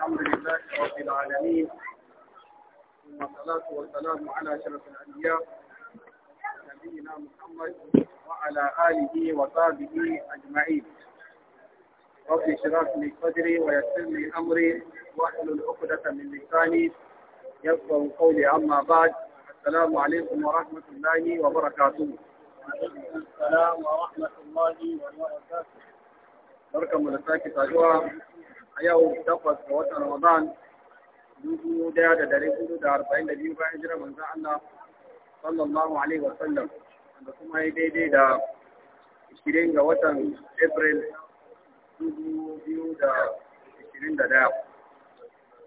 الحمد لله رب العالمين ثم الصلاة والسلام على أشرف الأنبياء نبينا محمد وعلى آله وصحبه أجمعين رب اشرح لي صدري ويسر لي أمري واحلل عقدة من لساني يفقه قولي أما بعد السلام عليكم ورحمة الله وبركاته السلام ورحمة الله وبركاته بركة ملتاكي تجوى a yau takwas ga watan Ramadan dubu daya da dari hudu da arba'in da biyu bayan jiran manzon Allah sallallahu alaihi wa sallam wanda kuma ya daidai da ishirin ga watan April dubu biyu da ishirin da daya.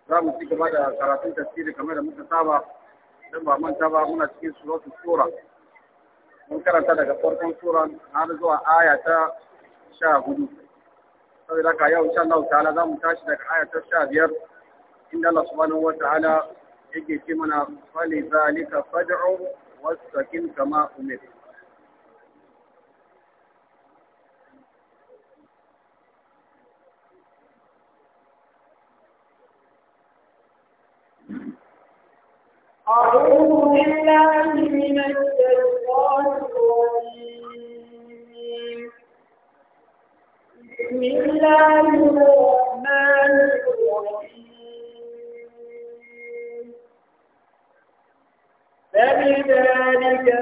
Za mu ci gaba da karatun tafsiri kamar da muka saba don ba manta ba muna cikin suratu sura. Mun karanta daga farkon sura har zuwa aya ta sha hudu. saboda haka yau insha Allah ta'ala za mu tashi daga aya ta sha biyar inda Allah subhanahu wa ta'ala yake ce mana fali zalika fad'u wastaqim kama umir أعوذ بالله من الشيطان الرجيم الله الرحمن الرحيم فبذلك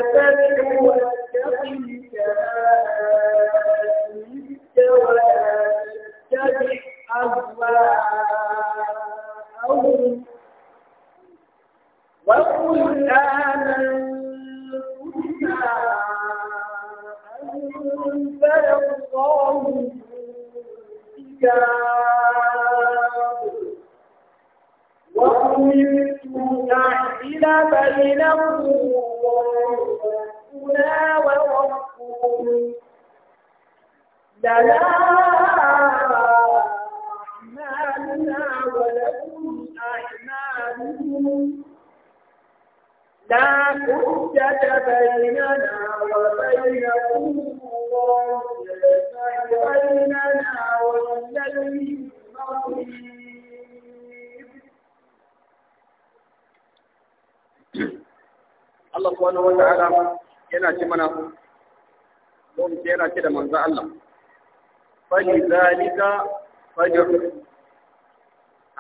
fali zalika fajr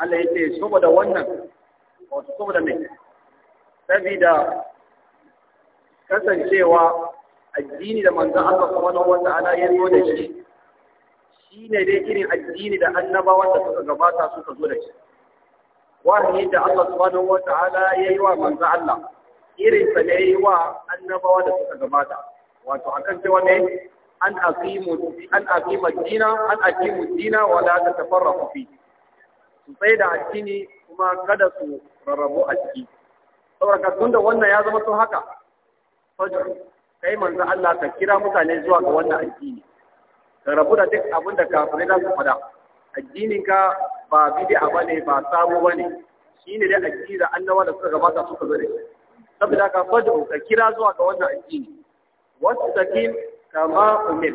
Allah ya saboda wannan wato saboda mai saboda kasancewa addini da manzon Allah subhanahu wata'ala ya zo da shi shine dai irin addini da annabawan da suka gabata suka zo da shi wahayi da Allah subhanahu wata'ala ya yi wa manzon Allah irin sa ne yi wa annabawa da suka gabata wato akan cewa ne an aqimu an aqima dina an aqimu dina wa la tatafarraqu fi su tsaya da addini kuma kada su rarrabu a ciki saboda tunda wannan ya zama sun haka fajr kai manzo Allah ka kira mutane zuwa ga wannan addini ka rabu da duk abin da kafirai za su fada addinin ka ba bid'a bane ba sabo bane shine dai addini da annabawa da suka gabata suka zo da shi saboda ka fajr ka kira zuwa ga wannan addini wastaqim kama umir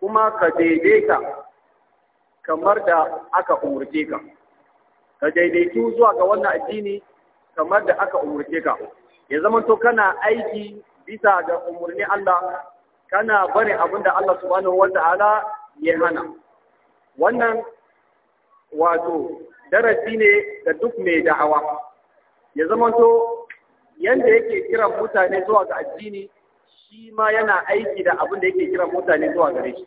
kuma ka daidaita kamar da aka umurce ka ka daidaitu zuwa ga wannan addini kamar da aka umurce ka ya zama to kana aiki bisa ga umurni Allah kana bari abin da Allah subhanahu wata'ala ya hana wannan wato darasi ne ga duk mai da'awa ya zama to yanda yake kiran mutane zuwa ga addini shi ma yana aiki da abin da yake kira mutane zuwa gare shi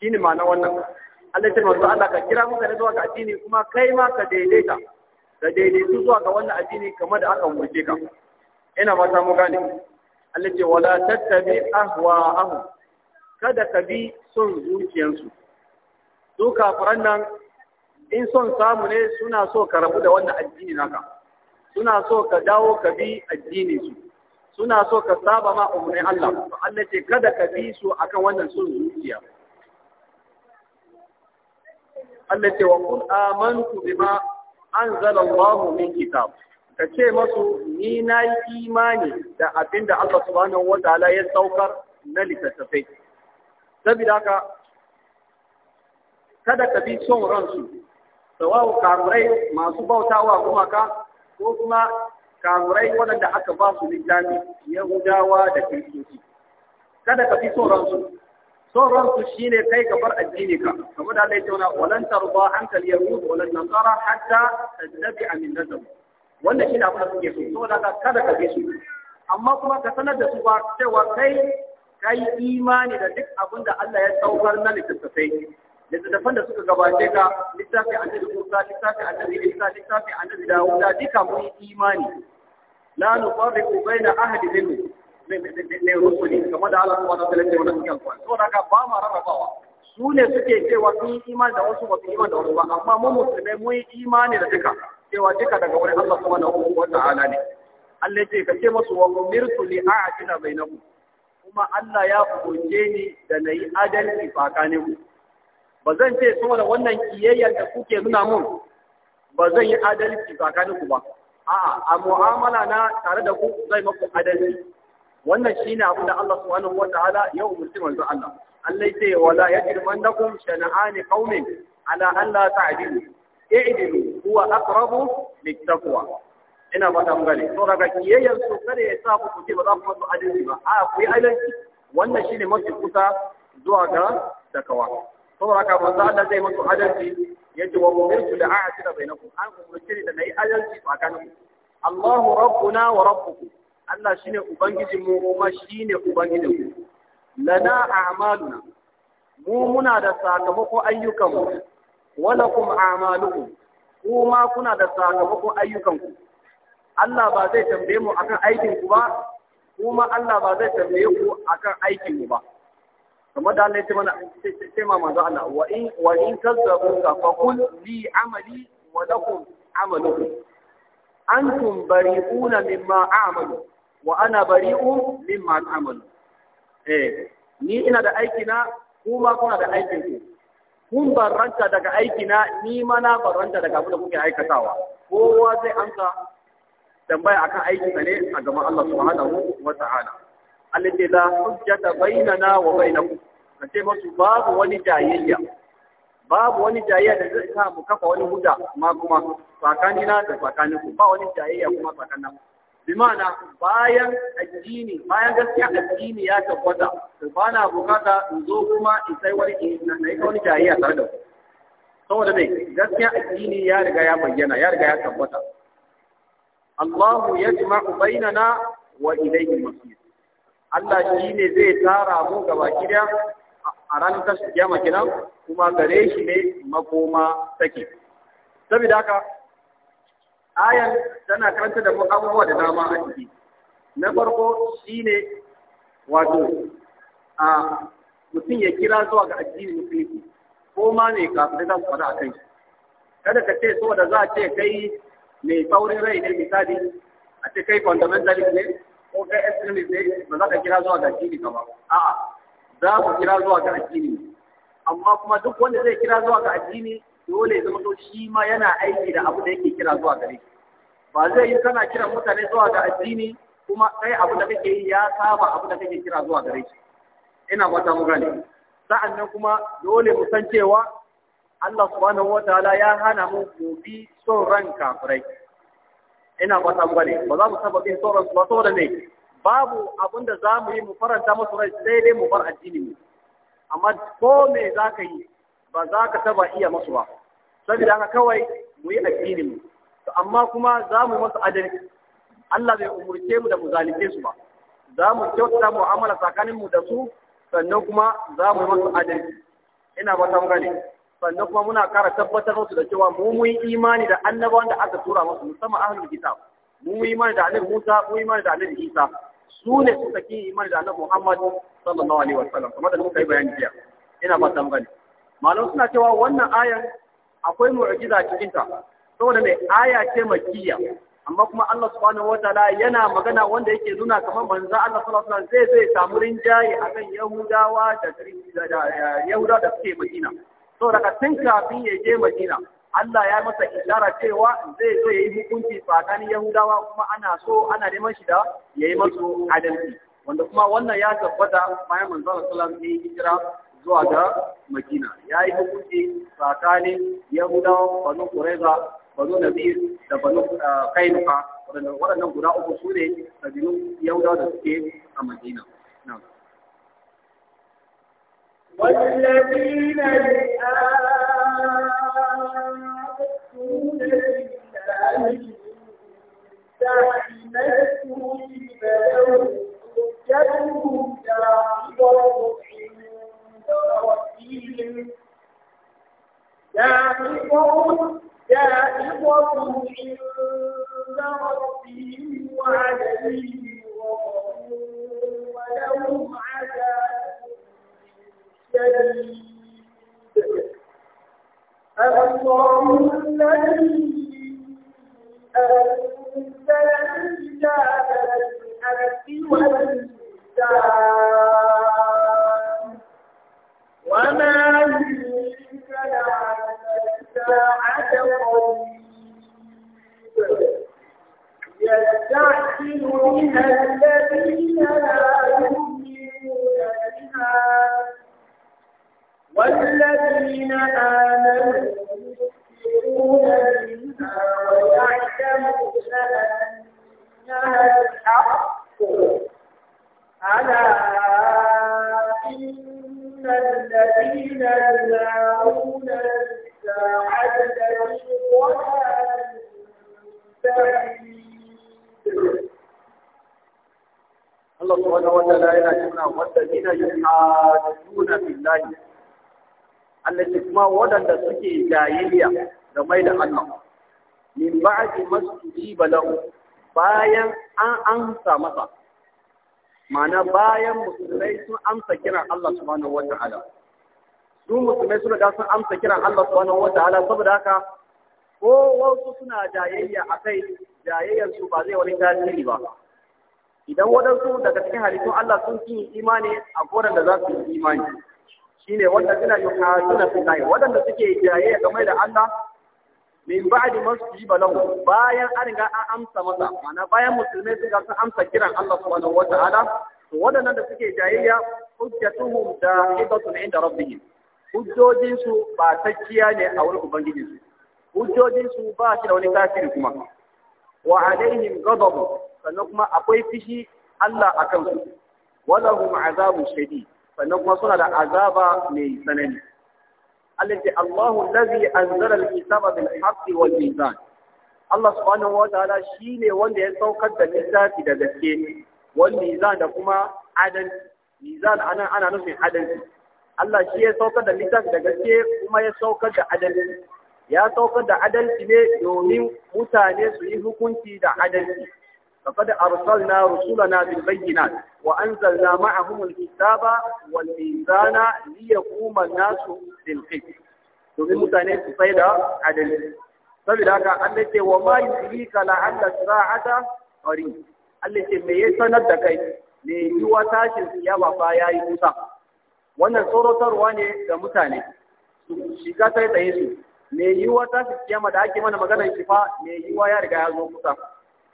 shi ne ma na wannan Allah ta manzo Allah ka kira mutane zuwa ga addini kuma kai ma ka daidaita ka daidaitu zuwa ga wannan addini kamar da aka wuce ka ina ma samu gane Allah ce wala tattabi ahu. kada ka bi son zuciyansu su kafiran nan in son samu ne suna so ka rabu da wannan addini naka suna so ka dawo ka bi addinin su suna so ka saba ma umarnin Allah to Allah ce kada ka bi su akan wannan sun zuciya Allah ce wa kun amantu bima anzala Allah min kitab ka ce masu ni na yi imani da abinda da Allah subhanahu wa ta'ala ya saukar na littattafai. Saboda haka, kada ka bi son ransu, sawawu karurai masu bautawa kuma ka, ko kuma kamurai waɗanda aka ba su littafi yahudawa da kiristoci kada ka fi sauransu sauransu shi ne kai ka bar addini ka kamar da Allah ya tauna walan tarba hankal yahud walan nasara hatta tattabi'a millatum wannan shi ne abin da suke so saboda ka kada ka fi su amma kuma ka sanar da su ba cewa kai kai imani da duk abin da Allah ya saukar na littattafai littattafan da suka gabace ka littafi annabi kusa, littafi annabi Isa littafi annabi Dawud duka mun yi imani la nufarriqu baina ahadin minhum ne rusuli kamar da Allah subhanahu wa ta'ala ya ce wannan cikin Qur'ani to daga ba ma rarrabawa su ne suke cewa sun yi imani da wasu ba su imani da wasu ba amma mu musulmai mun yi imani da duka cewa duka daga wurin Allah subhanahu wa ta'ala ne Allah ya ce ka ce musu wa umirtu li a'tina bainakum kuma Allah ya hukunce ni da nayi adalci tsakaninku ba zan ce da wannan kiyayyar da kuke nuna mun ba zan yi adalci tsakanin ku ba a'a a mu'amala na tare da ku zai maku adalci wannan shine abin da Allah subhanahu wataala yau mutum manzo Allah Allah ce wala yajrimannakum shana'ani qaumin ala an la ta'dilu i'dilu huwa aqrabu littaqwa ina fata mun gane to daga kiyayyar su kada ya sa ku ce ba za ku masu adalci ba a'a ku yi adalci wannan shine mafi kusa zuwa ga takawa saboda haka manzo Allah zai muku adalci yace wa umirtu da a'tira bainakum an umurce ni da nayi adalci tsakaninku Allahu rabbuna wa rabbukum Allah shine ubangijin mu kuma shine ubangijin ku lana a'maluna mu muna da sakamako ayyukan mu walakum a'malukum kuma kuna da sakamakon ayyukan ku Allah ba zai tambaye mu akan aikin ku ba kuma Allah ba zai tambaye ku akan aikin mu ba kamar da Allah ya ce mana sai ma manzo Allah wa in wa in kazzabu ka fa kun li amali wa lakum amalukum antum bari'una mimma a'malu wa ana bari'un mimma a'malu eh ni ina da aiki na kuma kuna da aikin ku kun barranta daga aiki na ni ma na barranta daga abin da kuke aikatawa kowa zai amsa tambaya akan aiki ne a gaban Allah subhanahu wa ta'ala Allah la hujjata bainana wa bainakum kace musu babu wani jayayya babu wani jayayya da zai sa mu kafa wani hujja ma kuma na da ku ba wani jayayya kuma tsakanin bi ma'ana bayan addini bayan gaskiya addini ya tabbata to ba na bukata in zo kuma in sai wani na sai wani jayayya tare da ku saboda mai gaskiya addini ya riga ya bayyana ya riga ya tabbata Allahu yajma'u bainana wa ilayhi masir Allah shi ne zai tara mu gaba gida a ranar tashin kiyama kenan kuma gare shi ne makoma take saboda haka ayan tana karanta da abubuwa da dama a ciki na farko shi ne. wato a mutum ya kira zuwa ga addini musulunci ko ma ne kafin za faɗa a kai kada ka ce saboda za a ce kai mai saurin rai ne misali a ce kai fundamentalist ne ko kai extremist ne ba za ka kira zuwa ga addini ka ba a'a za ku kira zuwa ga addini amma kuma duk wanda zai kira zuwa ga addini dole ya zama to shi ma yana aiki da abu da yake kira zuwa gare shi ba zai yi kana kira mutane zuwa ga addini kuma kai abu da kake yi ya saba abu da kake kira zuwa gare shi ina fata mu gane sa'annan kuma dole mu san cewa Allah subhanahu wataala ya hana mu mu bi son ran kafirai ina fata mu gane ba za mu saba bin sauran su ba saboda ne babu abin da za mu yi mu faranta masu rai sai dai mu bar addini mu amma ko me za ka yi ba za ka taba iya masu ba saboda haka kawai mu yi addini mu amma kuma za mu masu adalci Allah bai umurce mu da mu zalunce su ba za mu kyautata mu'amala tsakanin mu da su sannan kuma za mu masu adalci ina ba ta gane sannan kuma muna ƙara tabbatar musu da cewa mu mun imani da annabawan da aka tura musu musamman ahlul kitab mu mun imani da annabi Musa mu imani da annabi Isa su ne suka ki imani da annabi Muhammad sallallahu alaihi wasallam kamar da muka yi bayani jiya ina ba ta magana malam suna cewa wannan ayan akwai mu'jiza cikin ta saboda mai aya ce makkiya amma kuma Allah subhanahu wataala yana magana wanda yake nuna kamar manzo Allah sallallahu alaihi wasallam zai zai samu rinjaye akan Yahudawa da Yahudawa da suke Madina so daga tun kafin ya je madina Allah ya masa isharar cewa zai zo ya yi hukunci tsakanin Yahudawa kuma ana so ana neman shi da ya yi masu adalci wanda kuma wannan ya tabbata bayan manzo sallallahu alaihi hijira zuwa ga Madina ya yi hukunci tsakanin Yahudawa banu Quraiza banu Nadir da banu Kainuka eh, waɗannan guda uku su ne kabilun Yahudawa da suke a Madina na'am والذين يآمنون بالله تعملتهم بلوم حجتهم داعبة عند ربهم داعبة داعبة عند وعليهم غضب ولهم عذاب شديد الله الذي أنزل الكتاب بالحق والميزان وما يدريك لعل الساعة قريب يستعجل بها الذين لا يؤمنون بها والذين آمنوا يؤمنون بها ويعلمون أنها الحق ألا إن الذين يدعون الساعة لفي ضلال بعيد الله سبحانه وتعالى يقول والذين يحاجون في الله Allah kuma waɗanda suke jayiliya da mai da Allah min ba'di masjidi lahu bayan an amsa masa ma'ana bayan musulmai sun amsa kiran Allah subhanahu wata'ala su musulmai sun riga sun amsa kiran Allah subhanahu wata'ala saboda haka ko wasu suna jayayya akai jayayyar su ba zai wani tasiri ba idan waɗansu daga cikin halittun Allah sun yi imani a koran da za su yi imani shine wanda suna yuhaduna billahi wadanda suke jaye game da Allah min ba'di masjiba lahu bayan an ga an amsa masa mana bayan musulmai ga sun amsa kiran Allah subhanahu wataala to wadannan da suke jayayya hujjatuhum da'ibatun inda rabbihim hujjojin su ba takkiya ne a wurin ubangiji su hujjojin su ba shi da wani kafiri kuma wa alaihim ghadabu sannan kuma akwai fishi Allah akan su hum azabun shadid sannan kuma suna da azaba mai tsanani Allah ce Allahu lazi an al-kitaba bil haqqi wal mizan Allah subhanahu wa ta'ala shine wanda ya saukar da littafi da gaske wal mizan da kuma adalci mizan ana ana nufin adalci Allah shi ya saukar da littafi da gaske kuma ya saukar da adalci ya saukar da adalci ne domin mutane su yi hukunci da adalci فقد أرسلنا رسلنا بالبينات وأنزلنا معهم الكتاب والميزان ليقوم الناس بالقسط domin mutane su sai da adalci saboda haka Allah ce wa ma yusrika la'alla sa'ata qari Allah ce me yayi sanar da kai me yi tashin fa kusa wannan tsorotarwa ne ga mutane su shiga sai tsaye su me yiwuwa wa kiyama da ake mana maganar shi fa me yi ya riga ya zo kusa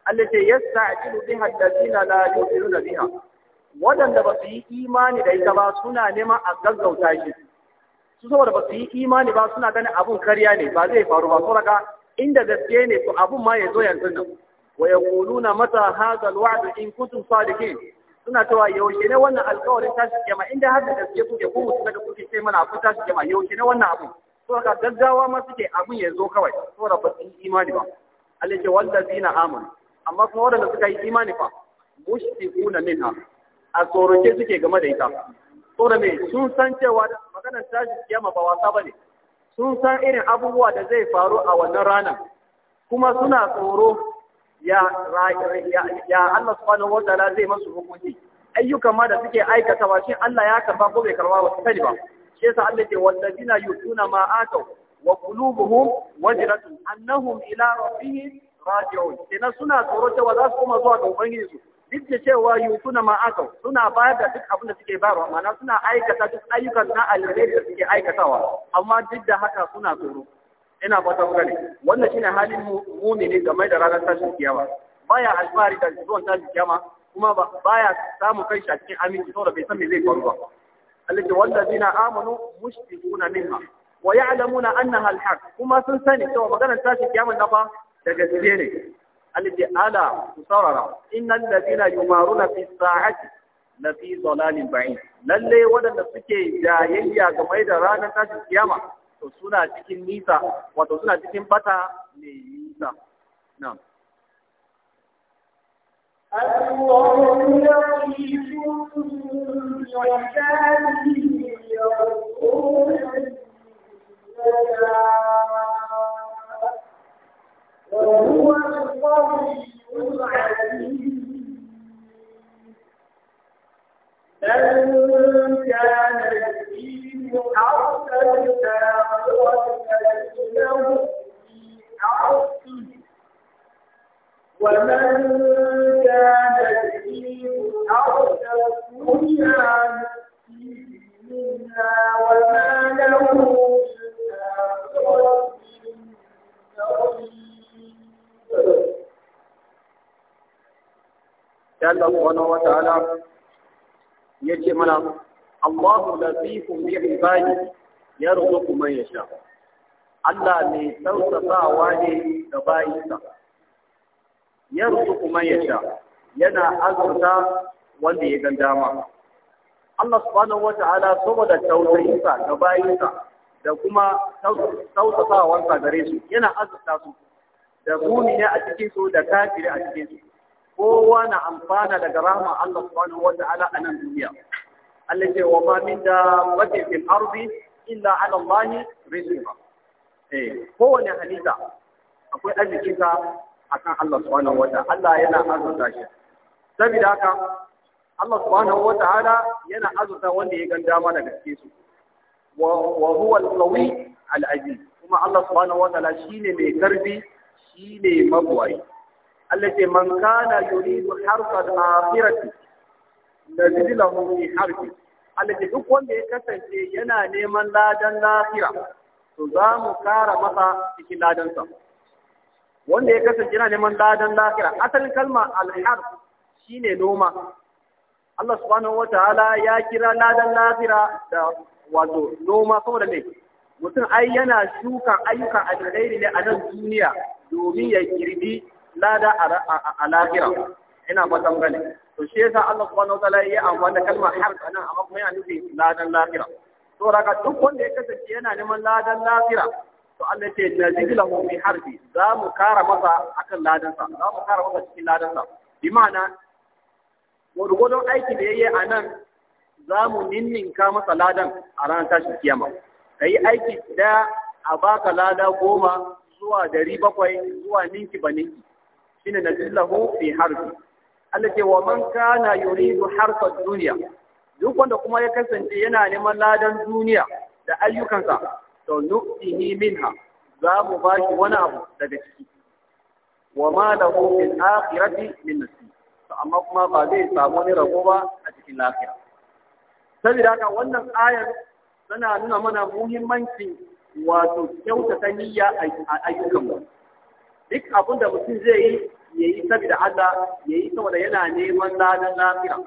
Allah ce yasta'jilu biha alladhina la yu'minuna biha wadanda ba su yi imani da ita ba suna neman a gaggauta shi su saboda ba su yi imani ba suna ganin abun karya ne ba zai faru ba saboda inda gaske ne to abun ma ya zo yanzu nan wa yaquluna mata hadha alwa'd in kuntum sadiqin suna cewa yaushe ne wannan alƙawarin tashi kiyama inda har da gaske kuke kuma mutum da kuke sai mana ta tashi kiyama yaushe ne wannan abun saboda gaggawa ma suke abun ya zo kawai saboda ba su yi imani ba Allah ce wallazina amanu amma kuma waɗanda suka yi imani fa kuna min ha. a tsoroke suke game da ita da me sun san cewa maganar tashi kiyama ba wasa bane sun san irin abubuwa da zai faru a wannan ranar kuma suna tsoro ya ya Allah subhanahu wataala zai masu hukunci ayyukan ma da suke aikata ba shin Allah ya karba ko bai karba ba sani ba shi yasa Allah ke wallazina yutuna ma wa qulubuhum wajratun annahum ila rabbihim raji'un kenan suna tsoro cewa za su koma zuwa ga ubangiji su duk da cewa yutuna ma aka suna bayar da duk abin da suke bayarwa ma'ana suna aikata duk ayyukan na alheri da suke aikatawa amma duk da haka suna tsoro ina fata kuka ne wannan shine halin mumini game da ranar tashin kiyama baya alfahari da zuwan tashin kiyama kuma baya samun kai shi a cikin aminci saboda bai san me zai faru ba Allah ce wallazina amanu mushfiquna minha wa ya'lamuna annaha alhaq kuma sun sani cewa maganar tashin kiyama na fa da gaske ne alladhi ala sarara innal ladina yumaruna fi sa'ati na fi dalalin ba'id lalle wadanda suke jayayya game da ranar tashin kiyama to suna cikin nisa wato suna cikin bata mai nisa na'am ya يعيش بعباده يرسل وهو القوي العزيز من كان يؤمن حرث الآخرة فله في حرثه ومن كان يؤمن Allah subhanahu wa ta'ala yace mana Allahu latifun bi ibadi kuma ya sha. Allah mai tausasawa ne ga bayinsa ya kuma ya sha, yana azurta wanda ya ganda ma Allah subhanahu wata'ala saboda tausayinsa ga bayinsa da kuma tausasawansa gare su yana azurta su da mumina a cikin su da kafiri a cikin su kowa na amfana daga rahama Allah subhanahu wa ta'ala a nan duniya Allah ce wa ma min da bace fil ardi illa ala Allah rizqa eh kowane halitta akwai arzikinka akan Allah subhanahu wa ta'ala Allah yana azurta shi saboda haka Allah subhanahu wa ta'ala yana azurta wanda ya ganda mana gaske su wa huwa al-qawi al-aziz kuma Allah subhanahu wa ta'ala shine mai karbi shine mabwai Allah ce man kana yuridu harfal akhirati nazid lahu fi harfi Allah ce duk wanda ya kasance yana neman ladan lahira to za mu kara masa cikin ladansa wanda ya kasance yana neman ladan lahira asalin kalma al-harf shine noma Allah subhanahu wataala ya kira ladan lahira da wato noma saboda me mutum ai yana shuka ayyukan alkhairi ne a nan duniya domin ya girbi lada a lafiya ina fatan gani to shi yasa Allah subhanahu wataala ya amfani da kalmar har nan amma kuma yana nufi ladan lafiya to raka duk wanda ya kasance yana neman ladan lafiya to Allah ce na mu fi harbi za mu kara masa akan ladan sa za mu kara masa cikin ladan sa bi ma'ana gurgudun aiki da yayi a nan za mu ninninka masa ladan a ranar tashin kiyama ka yi aiki da a baka lada goma zuwa dari bakwai zuwa ninki ba ninki shine nazilahu fi harbi Allah ce wa man kana yuridu harfa duniya duk wanda kuma ya kasance yana neman ladan duniya da ayyukansa to nu'tihi minha za mu ba shi wani abu daga ciki wa ma lahu fil akhirati min nasib to amma kuma ba zai samu wani rabo ba a cikin lafiya saboda haka wannan ayar tana nuna mana muhimmancin wato kyautata niyya a ayyukan mu duk abin da mutum zai yi Yayi yi saboda Allah ya saboda yana neman ladan lafiya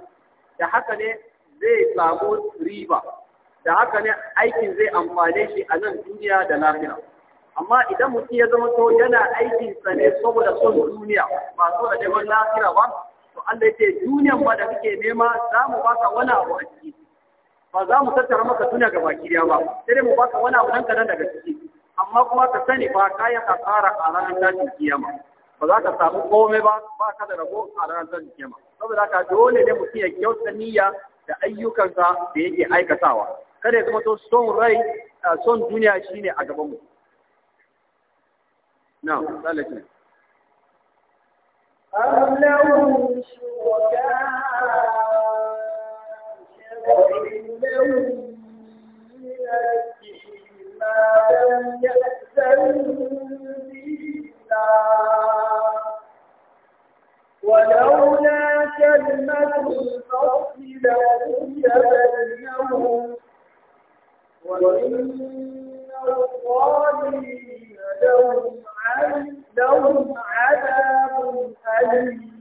da haka ne zai samu riba da haka ne aikin zai amfane shi a nan duniya da lafiya amma idan mutum ya zama to yana aikin sa ne saboda son duniya ba saboda neman lafiya ba to Allah yake duniyan ba da kake nema za mu baka wani abu a ciki ba za mu tattara maka duniya ga baki ba sai dai mu baka wani abu nan kadan daga ciki amma kuma ka sani ba kayan asara a ranar tashin kiyama ba za ka samu komai ba ba ka da rago a ranar zan kema saboda ka dole ne mutum ya kyauta niyya da ayyukansa da yake aikatawa kada ya zama to son rai son duniya shine a gaban mu Na sallace أم ولولا كلمة الفصل لقضي بينهم وإن الظالمين لهم لهم عذاب أليم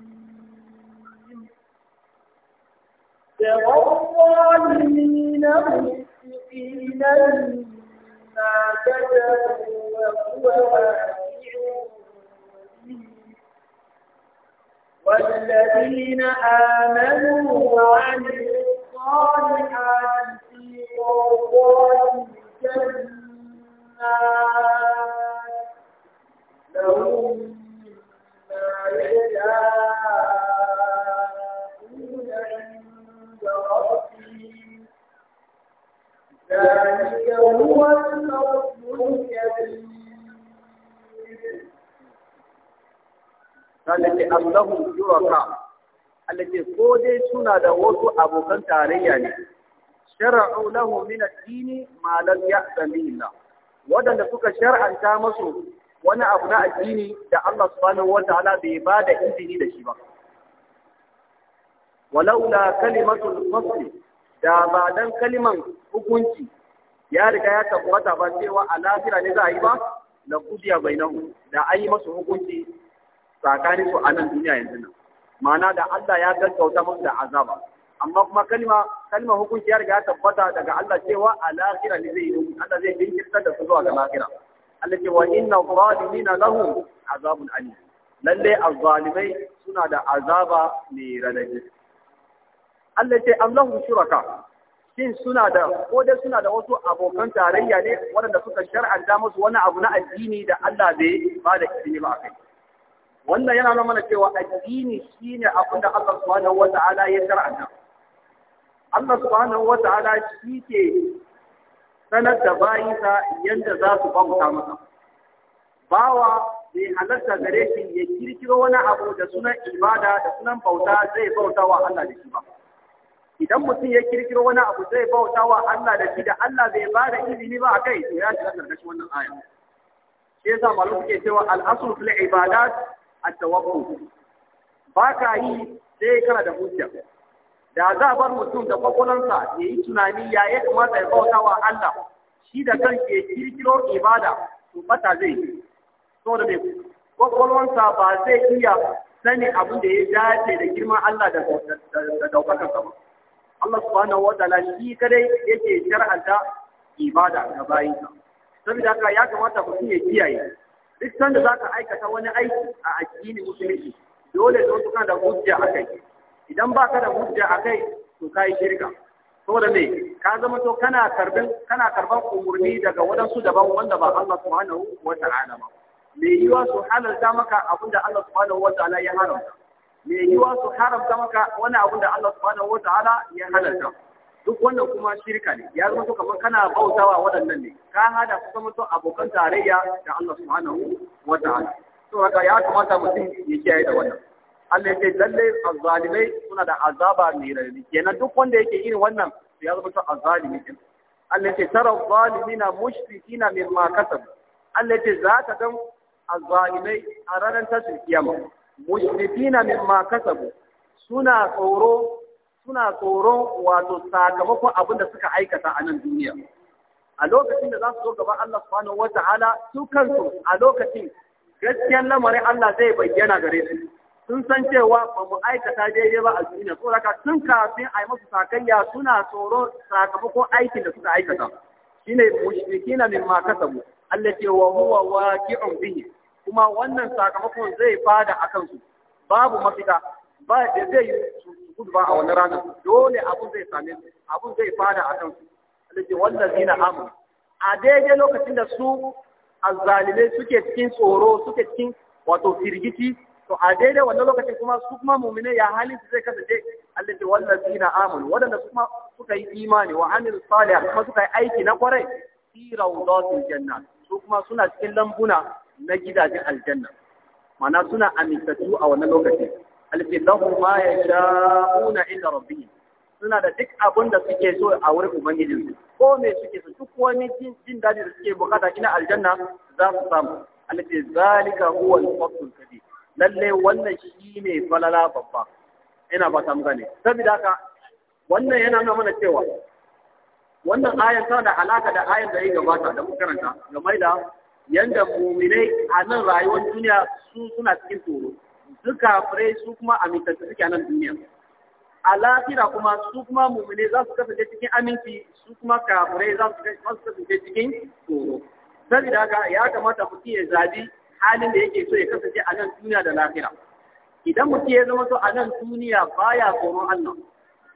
ترى الظالمين مشفقين مما كتبوا وهو واقع والذين آمنوا وعملوا الصالحات في suna da wasu abokan tarayya ne shara'u lahu min ad ma lam ya'zam wadanda suka shar'anta musu wani abu na addini da Allah subhanahu wataala bai ba da izini da shi ba walaula kalimatul fasl da ba dan kaliman hukunci ya riga ya tabbata ba cewa a lafira ne za a yi ba na kudiya bainahu da an yi masu hukunci tsakanin su a nan duniya yanzu nan ma'ana da Allah ya gaskauta musu da azaba amma kuma kalma kalma hukunci ya riga tabbata daga Allah cewa a akhirah ne zai yi Allah zai jinkirta da su zuwa ga akhirah Allah ce wa inna zalimina lahu azabun ali lalle azzalimai suna da azaba mai radadi Allah ce am shuraka shin suna da ko dai suna da wasu abokan tarayya ne waɗanda suka shar'anta musu wani abu na addini da Allah bai ba da izini ba kai. wannan yana nuna mana cewa addini shine abin da Allah subhanahu wata'ala ya shar'anta Allah subhanahu wata'ala shi ke sanar da bayinsa yadda za su bauta masa bawa bai halarta gare shi ya kirkiro wani abu da sunan ibada da sunan bauta zai bauta wa Allah da shi ba idan mutum ya kirkiro wani abu zai bauta wa Allah da shi da Allah bai ba da izini ba a kai to ya shiga karkashin wannan aya shi yasa malu suke cewa al-aslu fil ibadat at-tawakkul ba ka yi sai kana da hujja da za bar mutum da kwakwalansa ya yi tunani ya ya kamata ya bauta wa Allah shi da kan ke kirkiro ibada to bata zai yi so da ba zai iya sani abin da ya dace da girman Allah da daukakar sama Allah subhanahu wa ta'ala shi kadai yake shar'anta ibada ga bayinsa saboda haka ya kamata mutum ya kiyaye duk sanda za ka aikata wani aiki a addini musulunci dole ne wasu da hujja a kai idan ba ka da hujja a kai to ka yi shirka saboda me ka zama to kana karban kana karban umurni daga wadansu daban wanda ba Allah subhanahu wa ta'ala ba me yiwa su halalta maka abin da Allah subhanahu wa ta'ala ya haramta me yiwa su haramta maka wani abin da Allah subhanahu wa ta'ala ya halalta duk wannan kuma shirka ne ya zama kamar kana bautawa waɗannan ne ka hada kusa mutu abokan tarayya da Allah subhanahu wa ta'ala to haka ya kamata mutum ya kiyaye da wannan Allah ya ce lalle azzalimai suna da azaba mai rarrabi kenan duk wanda yake irin wannan ya zama to azzalimi kenan Allah ya ce tara zalimina mushfikina mimma kasab Allah ya ce za ka ga azzalimai a ranar tashin kiyama mushfikina mimma kasabu suna tsoro suna tsoron wato sakamakon abin da suka aikata a nan duniya a lokacin da za su zo gaba Allah subhanahu ta'ala su kansu a lokacin gaskiyar lamarin Allah zai bayyana gare su sun san cewa ba mu aikata daidai ba a duniya tsoraka sun kafin a yi masu sakayya suna tsoron sakamakon aikin da suka aikata shine min mimma kasabu Allah ce wa huwa waqi'un bihi kuma wannan sakamakon zai fada akan su babu mafita ba da zai gudu ba a wani ranar dole abun zai same su abun zai fada a kansu. su alake wannan zina amu a daidai lokacin da su azzalime suke cikin tsoro suke cikin wato firgiti, to a daidai wannan lokacin kuma su kuma mumine ya halin su zai kasance alake wannan zina amu waɗanda su kuma suka yi imani wa amil salih kuma suka yi aiki na kwarai fi rawdatil janna su kuma suna cikin lambuna na gidajen aljanna ma'ana suna amintattu a wannan lokacin alfidahu ma yasha'una inda rabbi? suna da duk abin da suke so a wurin ubangijin ko me suke so duk wani jin daɗi da suke bukata kina aljanna za su samu alfi zalika huwa al-fadlul kabir lalle wannan shine falala babba ina ba samu gane saboda haka wannan yana nuna mana cewa wannan ayan tana da alaka da ayan da ya gabata da muka karanta game da yanda mu'minai a nan rayuwar duniya su suna cikin tsoro su kafirai su kuma amintattu suke a nan duniya a lafira kuma su kuma mummune za su kasance cikin aminci su kuma kafirai za su kasance cikin tsoro saboda haka ya kamata mutum ya zabi halin da yake so ya kasance a nan duniya da lafira idan mutum ya zama so a nan duniya baya tsoron Allah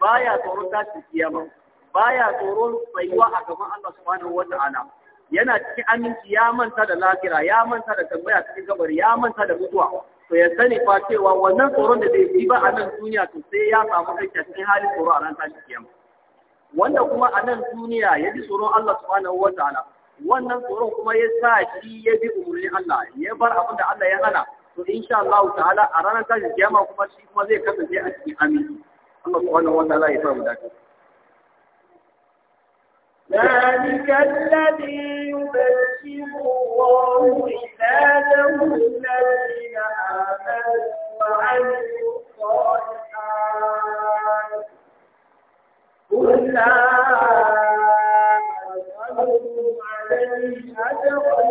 baya tsoron tashi kiyama baya tsoron tsayuwa a gaban Allah subhanahu wata'ala yana cikin aminci ya manta da lafira ya manta da tambaya cikin kabari ya manta da mutuwa to ya sani fa cewa wannan tsoron da zai yi ba a nan duniya to sai ya samu kai cikin halin tsoro a nan tashi kiyama wanda kuma a nan duniya ya ji tsoron Allah subhanahu wataala wannan tsoron kuma ya sa shi ya bi umarni Allah ya bar abin da Allah ya hana to insha Allah ta'ala a ranar tashi kiyama kuma shi kuma zai kasance a cikin aminci Allah subhanahu wataala ya ذلك الذي يبشر الله عباده الذين آمنوا وعملوا الصالحات قل لا أسألكم عليه أجرا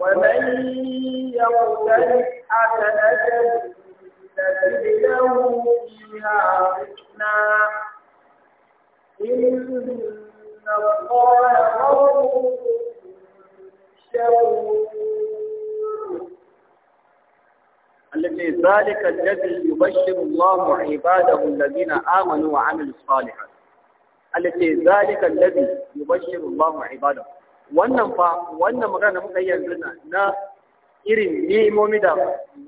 ومن يقتل حسنة تجد له فيها حسنا إن الله غفور التي ذلك الذي يبشر الله عباده الذين آمنوا وعملوا الصالحات التي ذلك الذي يبشر الله عباده wannan fa wannan magana muka yi yanzu na irin ni'imomi da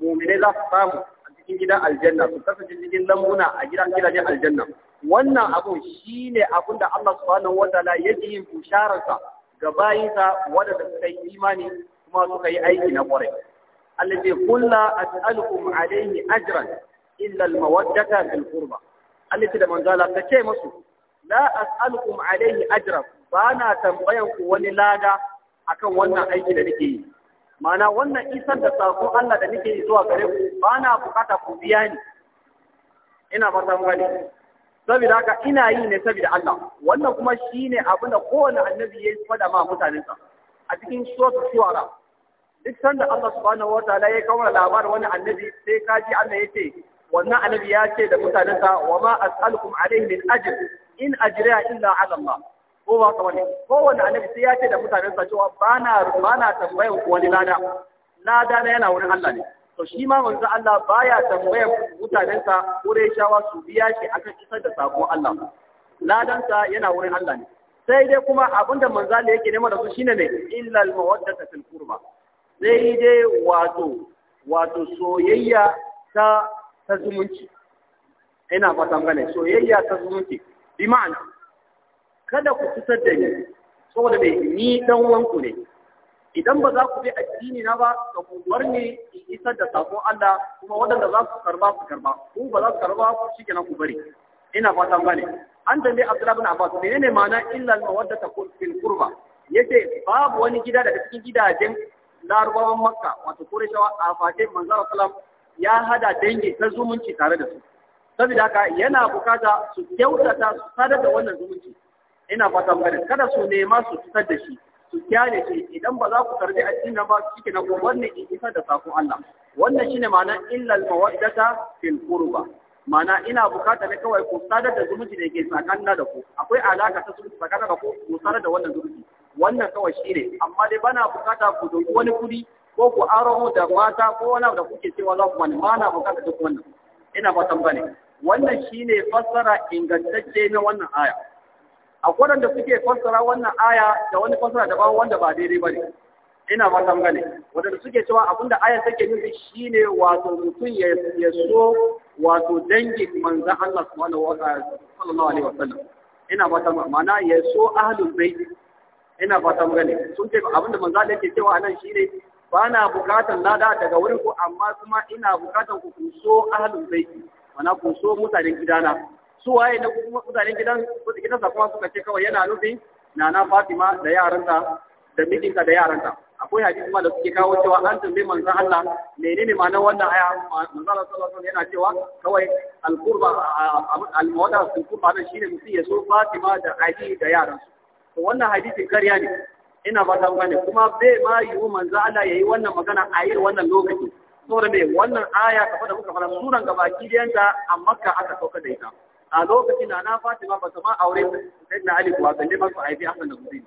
mu'mine za su samu cikin gidan aljanna su kasance cikin lambuna a gidan gidajen aljanna wannan abun ne abin da Allah subhanahu ya yake yin bishararsa ga bayinsa wadanda suka yi imani kuma suka yi aiki na kwarai Allah ce kulla as'alukum alayhi ajran illa al-mawaddata fil qurba Allah da manzala ta ce musu la as'alukum alayhi ajran ba na tambayan ku wani lada akan wannan aiki da nake yi Mana wannan isar da saƙon Allah da nake zuwa gare ku ba na bukata ku biya ni. Ina fata gani. Saboda haka ina yi ne saboda Allah. Wannan kuma shine abin da kowane annabi ya fada ma mutanensa. A cikin suratul shuara duk sanda Allah subhanahu wataala ya kawo labarin wani annabi sai kaji ji Allah yace wannan annabi ya ce da mutanensa wa ma as'alukum alayhi min ajr in ajriya illa ala Allah. ko ba ka wani kowanne annabi sai ya ce da mutanen sa cewa ba na ba na tambayar wani lada lada na yana wurin Allah ne to shi ma wanzu Allah baya tambayar mutanen sa Qurayshawa su biya shi akan isar da sabuwar Allah ladan sa yana wurin Allah ne sai dai kuma abinda manzo Allah yake nema da su shine ne illal mawaddata fil qurba sai dai wato wato soyayya ta ta zumunci ina fatan gane soyayya ta zumunci bi ma'ana kada ku kusar da ni saboda mai ni dan wanku ne idan ba za ku bi addini na ba ka ku bar ni in isar da sakon Allah kuma waɗanda za su karba su karba ku ba za su karba ku shikenan ku bari ina fatan bane an tambaye Abdullahi bin Abbas menene ma'ana illa mawaddata fil qurba yace babu wani gida daga cikin gidajen Larabawan Makka wato Qurayshawa a fate manzo sallallahu ya hada dangi ta zumunci tare da su saboda haka yana bukata su kyautata su sadar da wannan zumunci ina fatan bari kada su nema su fitar da shi su kyale shi idan ba za ku karbi addinin ba su shike na wannan in isa da sakon Allah wannan shine ma'ana illal mawaddata fil qurba ma'ana ina bukata ne kawai ku sadar da zumunci da yake tsakanina da ku akwai alaka ta zumunci tsakanin da ku ku sadar da wannan zumunci wannan kawai shine amma dai bana bukata ku dauki wani kudi ko ku aro da mata ko wani da kuke cewa za ku wani bana bukata duk wannan ina fatan bane wannan shine fassara ingantacce na wannan aya a waɗanda suke fassara wannan aya da wani fassara da bawa wanda ba daidai ba ne ina matan gane waɗanda suke cewa abinda aya take nufi shine wato mutum ya so wato dangi manzan Allah sallallahu alaihi wasallam ina matan ma'ana ya so ahlul bait ina fatan gane sun ce abinda manzan Allah yake cewa anan shine ba na bukatan lada daga wurin ku amma kuma ina bukatan ku so ahlul bait mana ku so mutanen gidana su waye na mutanen gidan gidan sa kuma suka ce kawai yana nufin nana Fatima da yaranta da mijinta da yaranta akwai hadisi ma da suke kawo cewa an tambaye manzon Allah menene ma'anar wannan aya manzon Allah sallallahu alaihi yana cewa kawai al-qurba al-mawadda sun qurba nan shine mutum ya so Fatima da Ali da yaran to wannan hadisi ƙarya ne ina ba ta gane kuma bai ma yiwu manzon Allah yayi wannan magana a irin wannan lokaci saboda me wannan aya kafa da muka fara suran gabaki dayanta a Makka aka sauka da ita a lokacin da na Fatima ba su ma aure Sai na Ali ba sai ba su haifi Hassan da Hussein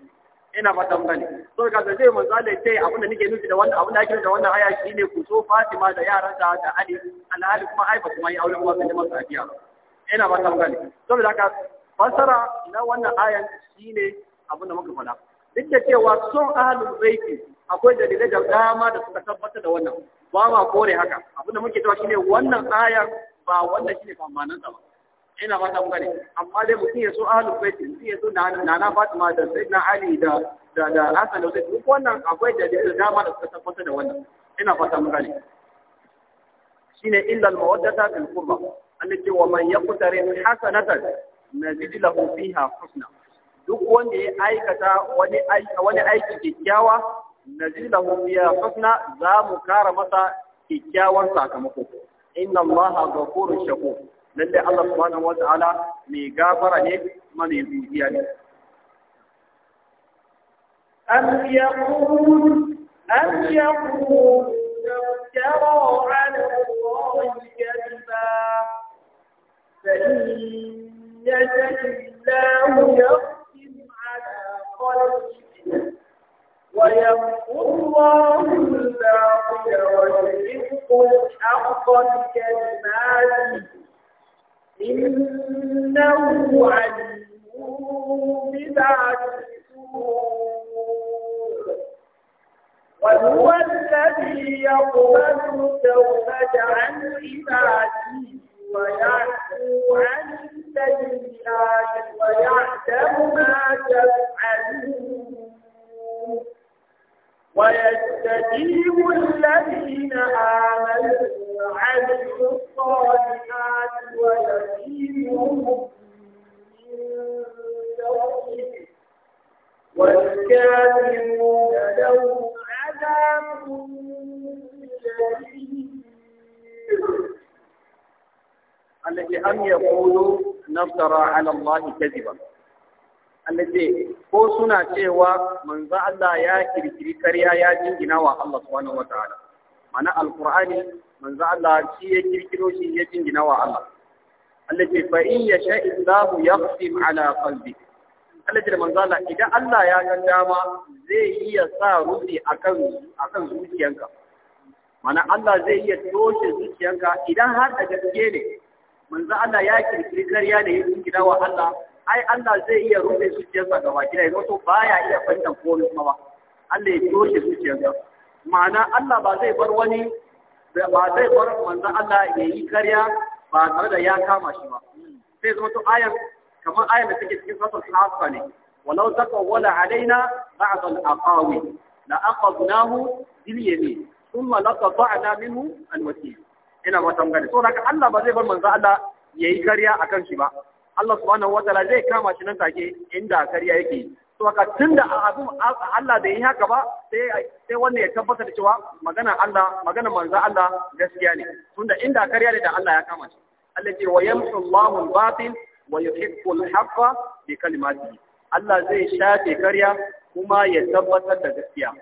ina fata mun gane so ga da zai Allah sai ce abin da nake nufi da wannan abin da ake da wannan aya shine ku so Fatima da yaran ta da Ali alhali kuma ai ba kuma yi aure ba sai ba su haifi ina fata mun So, da ka fasara na wannan ayan shine abin da muka faɗa duk da cewa son ahlul baiti akwai dalilai da dama da suka tabbatar da wannan ba ma kore haka abin da muke cewa shine wannan ayan ba wannan shine famanansa ba ina ba ta gane amma dai mutum ya so ahlul bait mutum ya so nana Fatima da Sayyidina Ali da da da Hassan da duk wannan akwai da da dama da suka tabbata da wannan ina fata mun gane shine illa al mawaddata fil qurba allati wa man yaqtari hasanatan nazid lahu fiha husna duk wanda ya aikata wani wani aiki kikkiawa nazid lahu fiha husna za mu kara masa kikkiawan sakamako inna allaha ghafurur shakur lalle Allah subhanahu wa ta'ala mai gafara ne kuma mai godiya ne أم يقول أم يقول افترى على الله كذبا فإن يشأ الله يختم على قلبك ويقول الله الباقي ويحق الحق بكلماته إنه عليم بذات وهو الذي يقبل التوبة عن عباده ويعفو عن السيئات ويعلم ما تفعلون ويستجيب الذين آمنوا وعملوا الصالحات ويقيمهم والكافرون لهم عذاب الذي أم يقولوا نفترى على الله كذبا Allah ko suna cewa manzo Allah ya kirkiri karya ya jingina wa Allah subhanahu ta'ala mana alqur'ani manzo Allah shi ya kirkiro shi ya jingina wa Allah Allah fa in yasha Allahu yaqsim ala qalbi Allah manzo Allah idan Allah ya ga dama zai iya sa rufi akan akan zuciyanka mana Allah zai iya toshe zuciyanka idan har da gaske ne manzo Allah ya kirkiri karya da ya jingina wa Allah ai Allah zai iya rufe zuciyarsa ga baki da yato baya iya fahimtar komai kuma ba Allah ya toshe zuciyarsa ma'ana Allah ba zai bar wani ba zai bar manzon Allah ya yi karya ba tare da ya kama shi ba sai zama to ayar kamar ayar da take cikin al hafa ne walau taqawwala alaina ba'd al-aqawi la aqadnahu bil yamin thumma laqata'na minhu al-wasil ina ba tambaye to haka Allah ba zai bar manzo Allah yayi kariya akan shi ba Allah subhanahu wataala zai kama shi nan take inda kariya yake to haka tunda abin Allah bai yi haka ba sai sai wannan ya tabbatar da cewa magana Allah magana manzo Allah gaskiya ne tunda inda kariya ne da Allah ya kama shi Allah ce wa yamsu Allahu al-batil wa yuhibbu al-haqqa bi kalimatihi Allah zai shafe kariya kuma ya tabbatar da gaskiya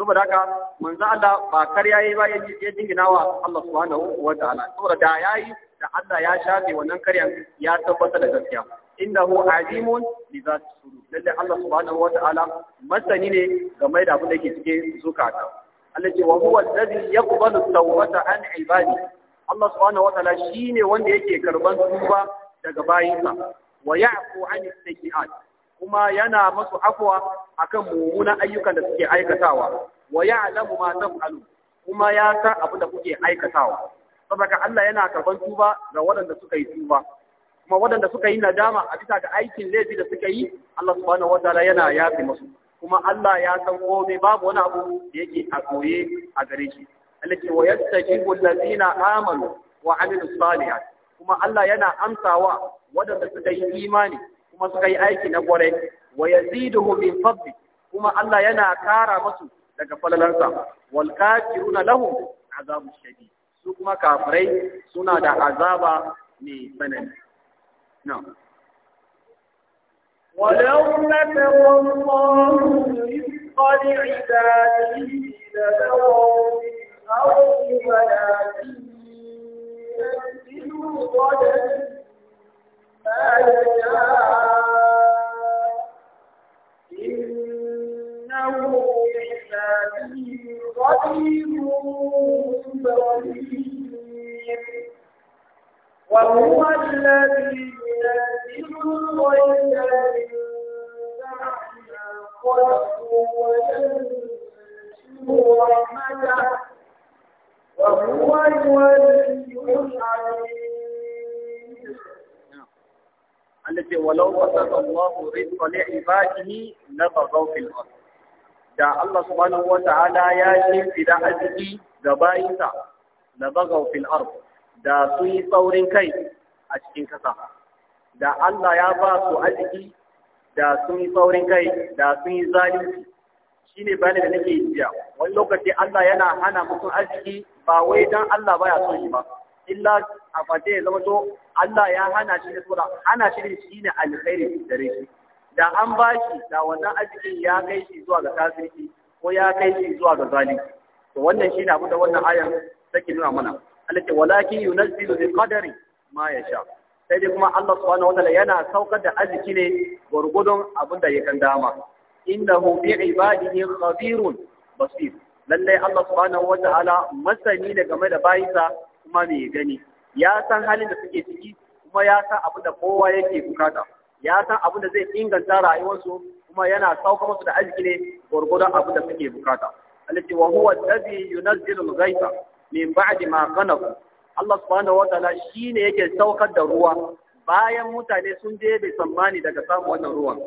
saboda haka manzo Allah ba kariya yayi ba ya jinginawa Allah subhanahu wataala saboda da yayi da Allah ya shafe wannan karyan ya tabbata da gaskiya Inda alimun bi zati sudur lalle Allah subhanahu wata'ala masani ne game da abin da yake cikin zukata Allah ce wa huwa alladhi yaqbalu tawbata an ibadi Allah subhanahu wata'ala shine wanda yake karban tuba daga bayinsa wa ya'fu an sayyi'at kuma yana masu afwa akan mummunan ayyukan da suke aikatawa wa ya'lamu ma taf'alu kuma ya san abin da kuke aikatawa saboda Allah yana karban tuba ga waɗanda suka yi tuba kuma waɗanda suka yi nadama a bisa ga aikin laifi da suka yi Allah subhanahu wataala yana yafi musu kuma Allah ya san komai babu wani abu da yake a koye a gare shi Allah ce wa yastajibu allazina amanu wa amilu salihat kuma Allah yana amsawa waɗanda suka yi imani kuma suka yi aiki na kwarai wa yaziduhu min fadli kuma Allah yana kara musu daga falalansa wal kafiruna lahum azabun shadid su kuma kafirai suna da azaba mai tsanani na ولو نفر الله رزق لعباده لبغوا في الأرض ولكن ينزل قدر ما يشاء إنه بعباده خبير بصير وهو الذي ينزل الغيث من بعد ما قدروا وينشر رحمته وهو الولي الحميد التي ولو بسط الله رزق لعباده لبغوا في الارض da Allah subhanahu wa ta'ala ya shimfida arziki ga bayinsa na bagaw fil ard da su yi tsaurin kai a cikin ƙasa. da Allah ya ba su arziki da sun yi tsaurin kai da sun yi zalunci shi ne bayanin da nake jiya wani lokaci Allah yana hana mutum arziki ba wai dan Allah baya son shi ba illa a fate ya zama to Allah ya hana shi da sura hana shi ne alkhairi da rashi da an ba shi da wannan arzikin ya kai shi zuwa ga kafirci ko ya kai shi zuwa ga zalunci to wannan shine abin da wannan ayar take nuna mana Allah ce walakin bi qadari ma yasha sai dai kuma Allah subhanahu wataala yana saukar da arziki ne gurgudun abin da kan dama innahu bi ibadihi khabirun basir lalle Allah subhanahu wataala masani ne game da bayinsa kuma mai gani ya san halin da suke ciki kuma ya san abin da kowa yake bukata ya san abin da zai inganta rayuwarsu kuma yana sauka musu da arziki ne gwargwadon abin da suke bukata alati wa huwa alladhi yunazzilu al-ghaytha min ba'di ma ku? Allah subhanahu wa ta'ala shine yake saukar da ruwa bayan mutane sun je bai tsammani daga samun wannan ruwan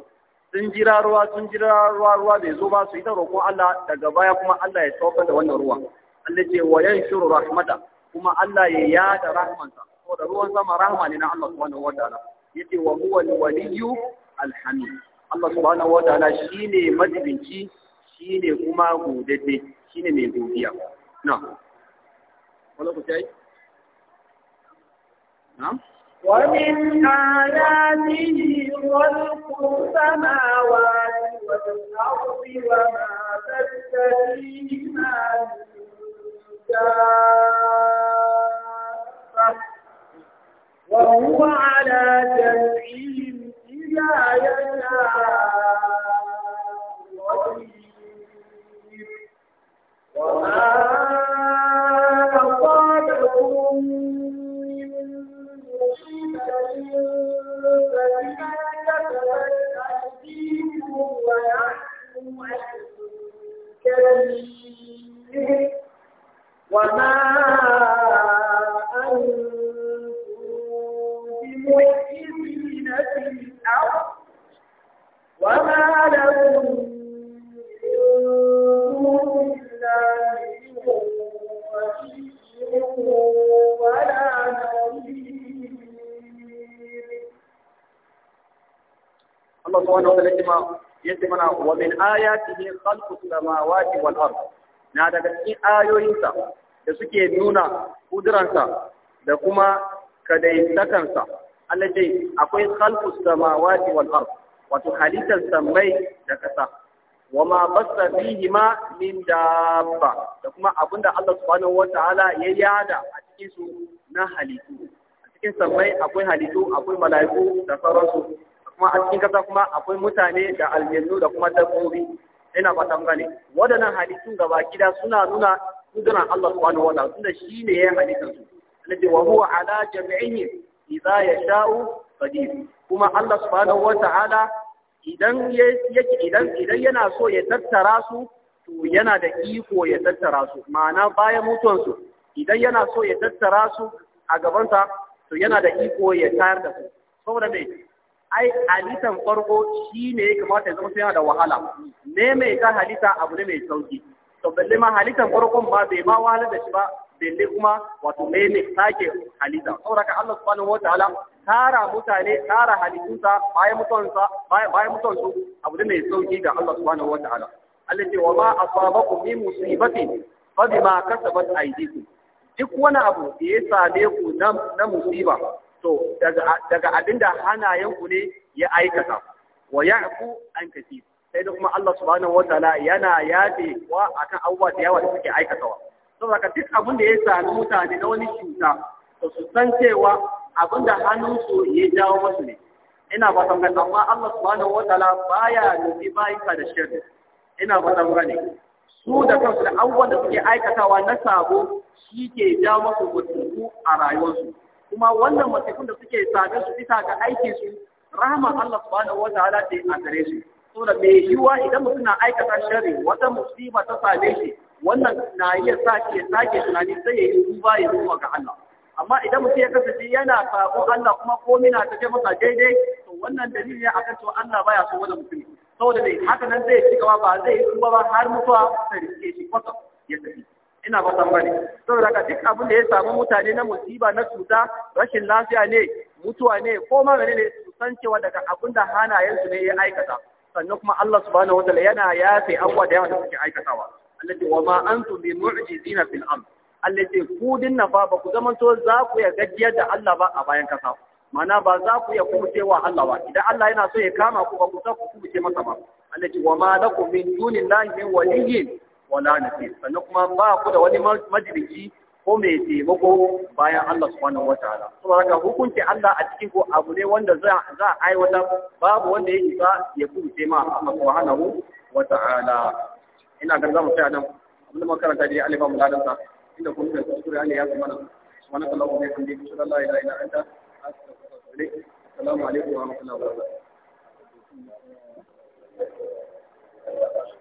sun jira ruwa sun jira ruwa ruwa bai zo ba su yi ta roƙon Allah daga baya kuma Allah ya saukar da wannan ruwan Allah ce wa yanshuru rahmata kuma Allah ya yada rahmansa saboda ruwan sama rahma ne na Allah subhanahu wa ta'ala yace wa huwa al-waliyyu al-hamid Allah subhanahu wataala shine madibinci shine kuma godadde shine mai godiya na wala ku tai na ومن آياته خلق السماوات والأرض وما تستوي ما من دابة وهو على جمعهم إذا يشاء mana wa min ayatihi khalqu samawati wal ard na daga cikin ayoyinsa da suke nuna kudiransa da kuma kadaitakansa Allah ce akwai khalqu samawati wal ard wato halittar sammai da kasa wa ma basta ma min dabba da kuma abinda Allah subhanahu wataala ya yada a cikin su na halittu a cikin sammai akwai halittu akwai mala'iku da sauransu kuma a cikin kasa kuma akwai mutane da aljannu da kuma dabbobi ina ba tan gane wadannan halittun gaba gida suna nuna kudurar Allah subhanahu wa ta'ala tunda shine ya halitta su alladhi wa huwa ala jam'ihim idza yasha'u qadir kuma Allah subhanahu wa ta'ala idan yake idan idan yana so ya tattara su to yana da iko ya tattara su ma'ana bayan mutuwan su idan yana so ya tattara su a gabansa to yana da iko ya tayar da su saboda me ai halittan farko shi ne ya kamata ya zama yana da wahala ne mai ka halitta abu ne mai sauki to balle ma halittan farkon ma bai ma wahala da shi ba balle kuma wato ne sake halitta saboda ka Allah subhanahu wataala tara mutane tara halittunsa bayan mutuwansa bayan mutuwansu abu ne mai sauki ga Allah subhanahu wataala Allah ce wa ma asabakum min musibatin fa bima kasabat aydikum duk wani abu da ya same ku na musiba to daga abin da hannayenku ne ya aikata wa ku? an kafi sai da kuma Allah subhanahu wataala yana yabe wa akan abubuwa da yawa da suke aikatawa saboda duk abin da ya sami mutane da wani cuta to su san cewa abin da hannunsu ya jawo musu ne ina ba san gani amma Allah subhanahu wataala baya nufi bayanka da shirin. ina ba san gani su da kansu da abubuwan da suke aikatawa na sabo shi ke jawo musu mutuntu a rayuwarsu kuma wannan masifin da suke same su bisa ga aikin su rahama Allah subhanahu ta'ala ce a gare su saboda mai yiwuwa idan mutum na aikata sharri wata musiba ta same shi wannan na iya sa shi ya sake tunani sai ya yi duba ya zuwa ga Allah amma idan mutum ya kasance yana sabon Allah kuma komai na tafiya masa daidai to wannan dalili ne akan cewa Allah baya so wani mutum saboda dai haka nan zai ci gaba ba zai yi duba ba har mutuwa ta rike shi kwata ya tafi ina ba san bane saboda duk abin da ya samu mutane na musiba na cuta rashin lafiya ne mutuwa ne ko ma ne su san cewa daga abin da hanayensu ne ya aikata sannan kuma Allah subhanahu wa ta'ala yana yafe abubuwa da yawa da suke aikatawa allati wa ma antum bi mu'jizina fil ard allati ku dinna fa ba ku zamanto za ku ya gajiyar da Allah ba a bayan kasa mana ba za ku ya kumcewa Allah ba idan Allah yana so ya kama ku ba ku za ku kumce masa ba allati wa ma lakum min dunillahi min waliyyin wala ce sannan kuma ba ku da wani majibinci ko mai taimako bayan Allah subhanahu wataala kuma haka hukunci Allah a cikin ko abu ne wanda za a aiwata babu wanda yake ba ya kuce ma Allah subhanahu wataala ina ga zamu tsaya nan abin da karanta dai alifa mun ladan sa inda kun da kuskure ne ya kuma wannan sallallahu alaihi wa sallam sallallahu alaihi wa anta assalamu alaikum wa rahmatullahi wa barakatuh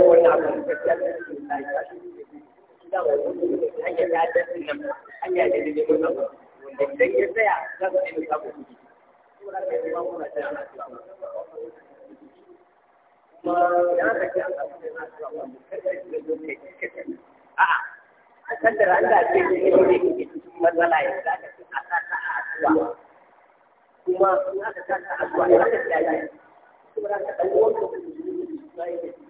kawo wani abu da gaskiya da su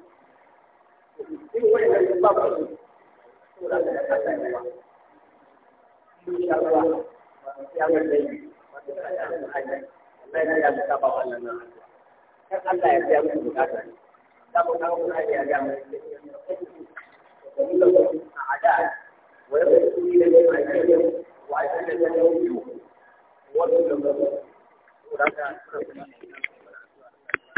irin wayan ba su da ya ba ya ta ba kuma